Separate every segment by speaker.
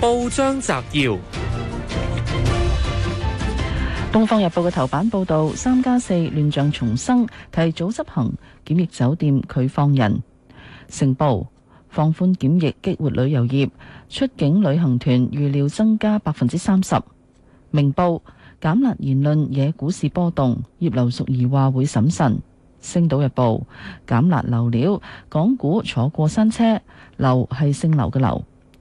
Speaker 1: 報章摘要：《東方日報》嘅頭版報道，三加四亂象叢生，提早執行檢疫酒店拒放人；成報放寬檢疫激活旅遊業，出境旅行團預料增加百分之三十。明報減辣言論惹股市波動，葉劉淑儀話會審慎。《星島日報》減辣流料，港股坐過山車，流係姓劉嘅流。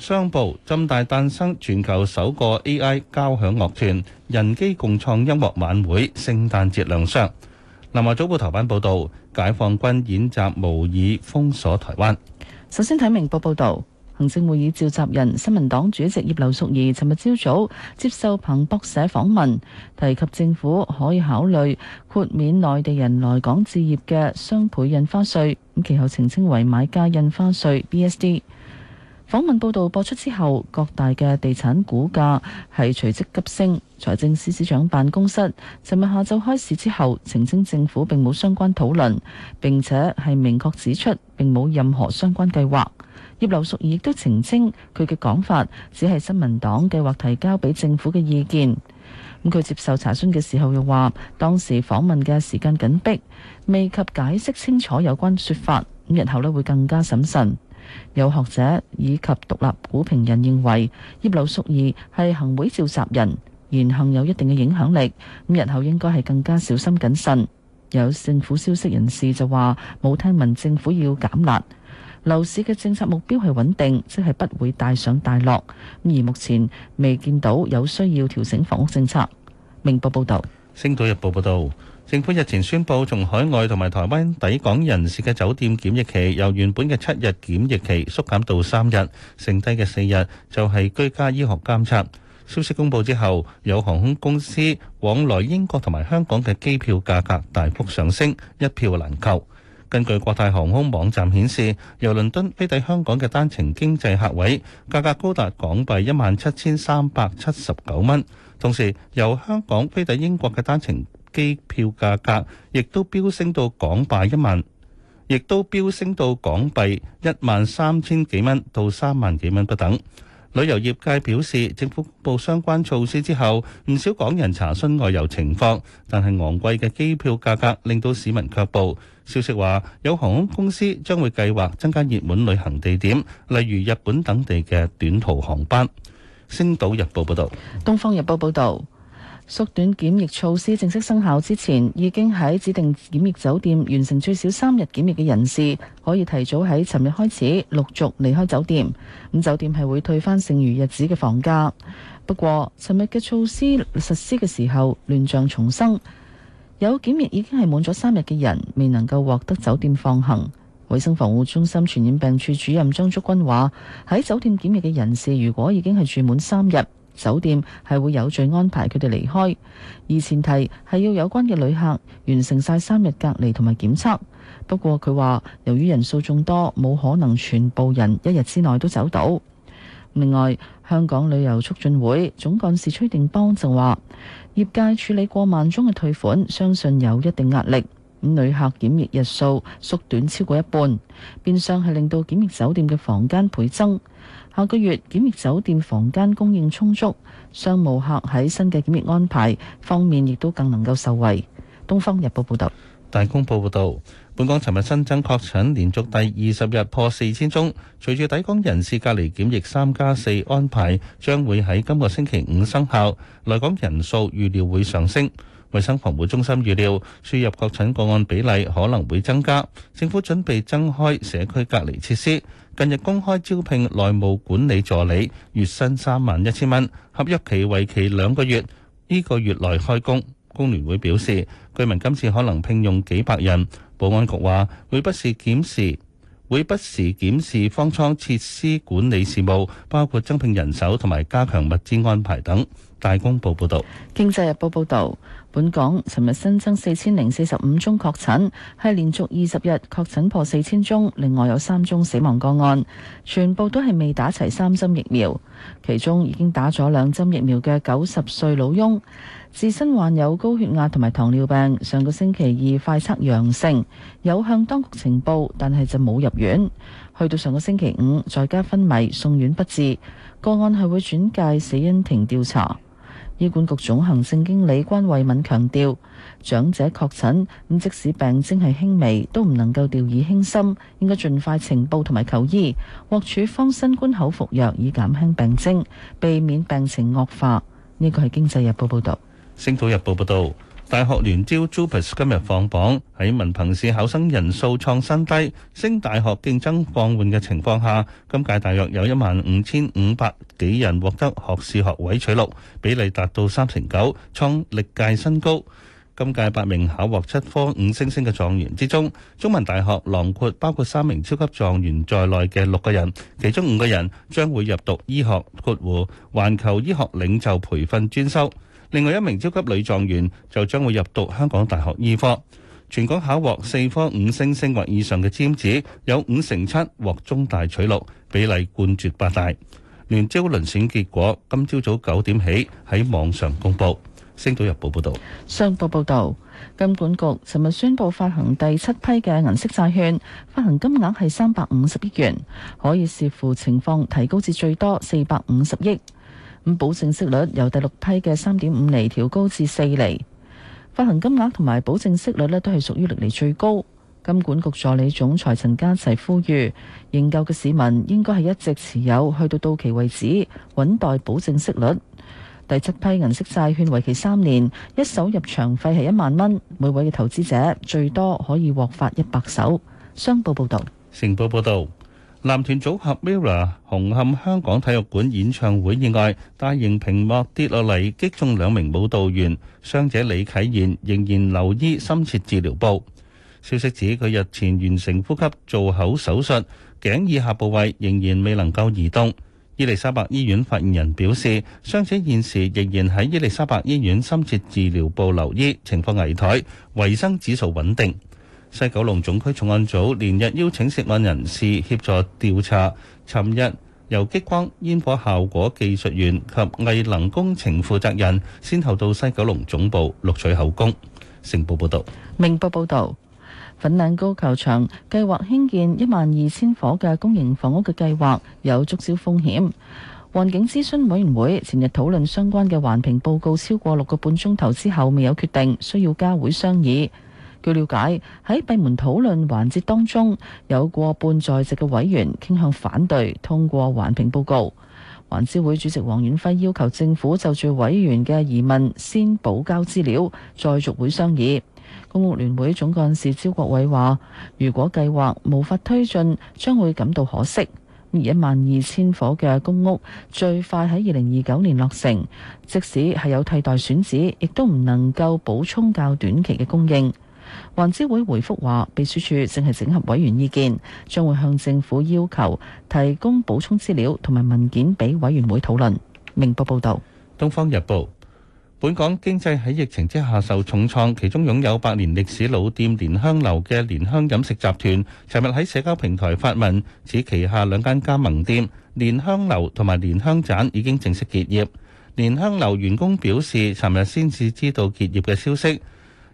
Speaker 2: 商報、浸大誕生全球首個 AI 交響樂團，人機共創音樂晚會，聖誕節亮相。南華早報頭版報導，解放軍演習模擬封鎖台灣。
Speaker 1: 首先睇明報報導，行政會議召集人新民黨主席葉劉淑儀，尋日朝早接受彭博社訪問，提及政府可以考慮豁免內地人來港置業嘅雙倍印花稅，咁其後澄清為買家印花稅 （BSD）。訪問報導播出之後，各大嘅地產股價係隨即急升。財政司司長辦公室尋日下晝開市之後，澄清政府並冇相關討論，並且係明確指出並冇任何相關計劃。葉劉淑儀亦都澄清佢嘅講法只係新民黨計劃提交俾政府嘅意見。咁佢接受查詢嘅時候又話，當時訪問嘅時間緊迫，未及解釋清楚有關説法。咁日後呢會更加審慎。有學者以及獨立股評人認為，葉劉淑儀係行會召集人，言行有一定嘅影響力，咁日後應該係更加小心謹慎。有政府消息人士就話，冇聽聞政府要減辣，樓市嘅政策目標係穩定，即係不會大上大落。咁而目前未見到有需要調整房屋政策。明報報道，
Speaker 2: 星島日報報道。政府日前宣布，從海外同埋台灣抵港人士嘅酒店檢疫期由原本嘅七日檢疫期縮減到三日，剩低嘅四日就係居家醫學監察。消息公佈之後，有航空公司往來英國同埋香港嘅機票價格大幅上升，一票難求。根據國泰航空網站顯示，由倫敦飛抵香港嘅單程經濟客位價格高達港幣一萬七千三百七十九蚊，同時由香港飛抵英國嘅單程機票價格亦都飆升到港幣一萬，亦都飆升到港幣一萬三千幾蚊到三萬幾蚊不等。旅遊業界表示，政府公布相關措施之後，唔少港人查詢外遊情況，但係昂貴嘅機票價格令到市民卻步。消息話，有航空公司將會計劃增加熱門旅行地點，例如日本等地嘅短途航班。星島日報報道，
Speaker 1: 東方日報報道。縮短檢疫措施正式生效之前，已經喺指定檢疫酒店完成最少三日檢疫嘅人士，可以提早喺尋日開始陸續離開酒店。咁酒店係會退翻剩餘日子嘅房價。不過，尋日嘅措施實施嘅時候，亂象叢生，有檢疫已經係滿咗三日嘅人，未能夠獲得酒店放行。衛生防護中心傳染病處主任張竹君話：喺酒店檢疫嘅人士，如果已經係住滿三日。酒店係會有序安排佢哋離開，而前提係要有關嘅旅客完成晒三日隔離同埋檢測。不過佢話，由於人數眾多，冇可能全部人一日之內都走到。另外，香港旅遊促進會總幹事崔定邦就話，業界處理過萬宗嘅退款，相信有一定壓力。咁旅客檢疫日數縮短超過一半，變相係令到檢疫酒店嘅房間倍增。下個月檢疫酒店房間供應充足，商務客喺新嘅檢疫安排方面亦都更能夠受惠。東方日報報道，
Speaker 2: 大公報報道，本港尋日新增確診連續第二十日破四千宗，隨住抵港人士隔離檢疫三加四安排將會喺今個星期五生效，來港人數預料會上升。衛生防護中心預料輸入確診個案比例可能會增加，政府準備增開社區隔離設施。近日公開招聘內務管理助理，月薪三萬一千蚊，合約期為期兩個月，呢個月內開工。工聯會表示，據聞今次可能聘用幾百人。保安局話會不時檢視，會不時檢視方艙設施管理事務，包括增聘人手同埋加強物資安排等。大公報報道，
Speaker 1: 《經濟日報》報道，本港尋日新增四千零四十五宗確診，係連續二十日確診破四千宗。另外有三宗死亡個案，全部都係未打齊三針疫苗。其中已經打咗兩針疫苗嘅九十歲老翁，自身患有高血壓同埋糖尿病，上個星期二快測陽性，有向當局呈報，但係就冇入院。去到上個星期五，在家昏迷送院不治。個案係會轉介死因庭調查。醫管局總行政經理關惠敏強調，長者確診咁，即使病徵係輕微，都唔能夠掉以輕心，應該盡快呈報同埋求醫，獲處方新冠口服藥以減輕病徵，避免病情惡化。呢個係《經濟日報》報道，
Speaker 2: 《星島日報》報道。大學聯招 JUPAS 今日放榜，喺文憑試考生人數創新低、升大學競爭放緩嘅情況下，今屆大約有一萬五千五百幾人獲得學士學位取錄，比例達到三成九，創歷屆新高。今屆八名考獲七科五星星嘅狀元之中，中文大學囊括包括三名超級狀元在內嘅六個人，其中五個人將會入讀醫學括弧環球醫學領袖培訓專修。另外一名超級女狀元就將會入讀香港大學醫科，全港考獲四科五星星或以上嘅尖子，有五成七獲中大取錄，比例冠絕八大。聯招遴選結果今朝早九點起喺網上公布。星島日報報道，
Speaker 1: 商報報道，金管局尋日宣布發行第七批嘅銀色債券，發行金額係三百五十億元，可以視乎情況提高至最多四百五十億。咁保證息率由第六批嘅三點五厘調高至四厘，發行金額同埋保證息率呢都係屬於歷來最高。金管局助理總裁陳家齊呼籲，認購嘅市民應該係一直持有，去到到期為止，穩待保證息率。第七批銀色債券為期三年，一手入場費係一萬蚊，每位嘅投資者最多可以獲發一百手。商報報道，
Speaker 2: 成報報道。男團組合 MIRROR 紅磡香港體育館演唱會意外，大型屏幕跌落嚟擊中兩名舞蹈員，傷者李啟言仍然留醫深切治療部。消息指佢日前完成呼吸造口手術，頸以下部位仍然未能夠移動。伊利沙伯醫院發言人表示，傷者現時仍然喺伊利沙伯醫院深切治療部留醫，情況危殆，維生指數穩定。西九龍總區重案組連日邀請涉案人士協助調查。尋日，由激光煙火效果技術員及藝能工程負責人，先後到西九龍總部錄取口供。成報報導，
Speaker 1: 明報報導，粉嶺高球場計劃興建一萬二千伙嘅公營房屋嘅計劃有觸礁風險。環境諮詢委員會前日討論相關嘅環評報告，超過六個半鐘頭之後未有決定，需要加會商議。據了解，喺閉門討論環節當中，有過半在席嘅委員傾向反對通過環評報告。環諮會主席黃遠輝要求政府就住委員嘅疑問先補交資料，再續會商議。公屋聯會總幹事招國偉話，如果計劃無法推進，將會感到可惜。而一萬二千伙嘅公屋最快喺二零二九年落成，即使係有替代選址，亦都唔能夠補充較短期嘅供應。環諮會回覆話，秘書處淨係整合委員意見，將會向政府要求提供補充資料同埋文件俾委員會討論。明報報道，《東
Speaker 2: 方日報》本港經濟喺疫情之下受重創，其中擁有百年歷史老店蓮香樓嘅蓮香飲食集團，尋日喺社交平台發文，指旗下兩間加盟店蓮香樓同埋蓮香棧已經正式結業。蓮香樓員工表示，尋日先至知道結業嘅消息。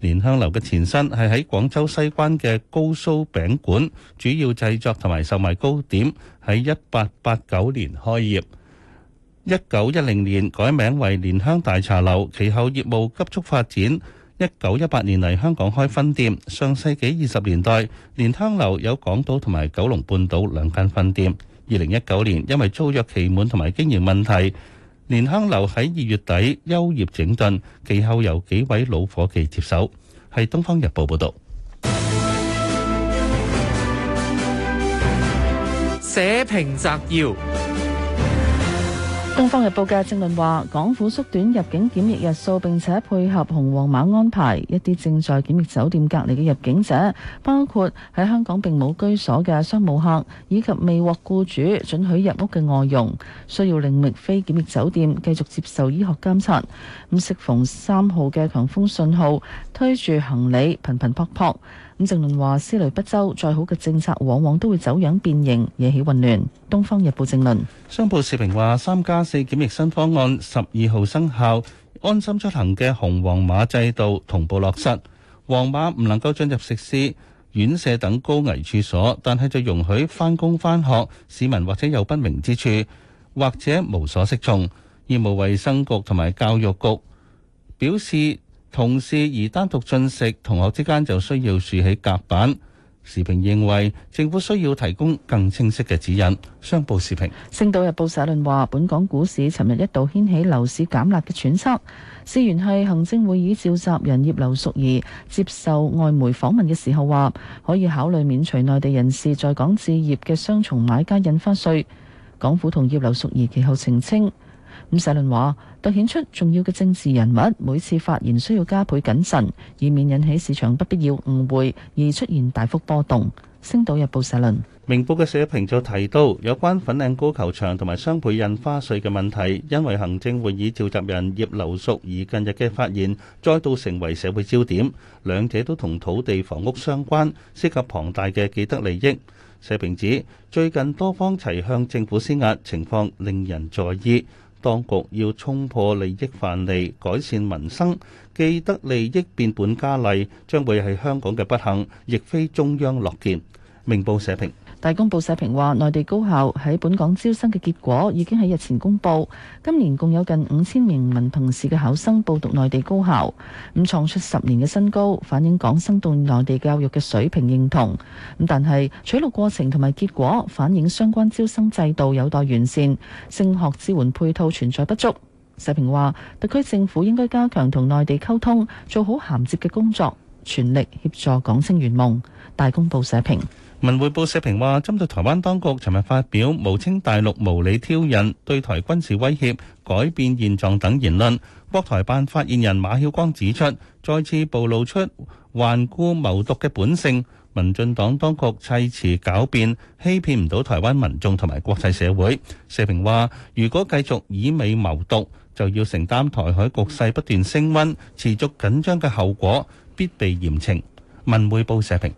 Speaker 2: 蓮香樓嘅前身係喺廣州西關嘅高酥餅館，主要製作同埋售賣糕點，喺一八八九年開業。一九一零年改名為蓮香大茶樓，其後業務急速發展。一九一八年嚟香港開分店。上世紀二十年代，蓮香樓有港島同埋九龍半島兩間分店。二零一九年因為租約期滿同埋經營問題。蓮香樓喺二月底休業整頓，其後由幾位老伙計接手。係《東方
Speaker 1: 日報》報道。社評摘要。《東方日報》嘅正論話，港府縮短入境檢疫日數，並且配合紅黃碼安排，一啲正在檢疫酒店隔離嘅入境者，包括喺香港並冇居所嘅商務客，以及未獲僱主准許入屋嘅外傭，需要另覓非檢疫酒店繼續接受醫學監察。咁，適逢三號嘅強風信號，推住行李，頻頻撲撲。伍正論話：思慮不周，再好嘅政策往往都會走樣變形，惹起混亂。東方日報正論，
Speaker 2: 商報時評話：三加四檢疫新方案十二號生效，安心出行嘅紅黃碼制度同步落實。黃碼唔能夠進入食肆、院舍等高危處所，但係就容許返工返學。市民或者有不明之處，或者無所適從，醫務衛生局同埋教育局表示。同事而單獨進食，同學之間就需要豎起隔板。時評認為政府需要提供更清晰嘅指引。商報時評，
Speaker 1: 《星島日報》社論話：本港股市尋日一度掀起樓市減辣嘅揣測，事緣係行政會議召集人葉劉淑儀接受外媒訪問嘅時候話，可以考慮免除內地人士在港置業嘅雙重買家印花稅。港府同葉劉淑儀其後澄清。咁社論話，凸顯出重要嘅政治人物每次發言需要加倍謹慎，以免引起市場不必要誤會而出現大幅波動。星島日報社論。
Speaker 2: 明報嘅社評就提到有關粉嶺高球場同埋雙倍印花稅嘅問題，因為行政會議召集人葉劉淑儀近日嘅發言再度成為社會焦點。兩者都同土地房屋相關，涉及龐大嘅既得利益。社評指最近多方齊向政府施壓，情況令人在意。當局要衝破利益藩籬，改善民生；既得利益變本加厲，將會係香港嘅不幸，亦非中央樂見。明報社評。
Speaker 1: 大公報社評話，內地高校喺本港招生嘅結果已經喺日前公布。今年共有近五千名文憑試嘅考生報讀內地高校，咁創出十年嘅新高，反映港生對內地教育嘅水平認同。咁但係取錄過程同埋結果反映相關招生制度有待完善，升學支援配套存在不足。社評話，特區政府應該加強同內地溝通，做好銜接嘅工作，全力協助港青圓夢。大公報社評。
Speaker 2: 文匯報社評話，針對台灣當局尋日發表誣稱大陸無理挑釁、對台軍事威脅、改變現狀等言論，國台辦發言人馬曉光指出，再次暴露出頑固謀獨嘅本性。民進黨當局砌詞狡辯，欺騙唔到台灣民眾同埋國際社會。社評話，如果繼續以美謀獨，就要承擔台海局勢不斷升溫、持續緊張嘅後果，必被嚴懲。文匯報社評。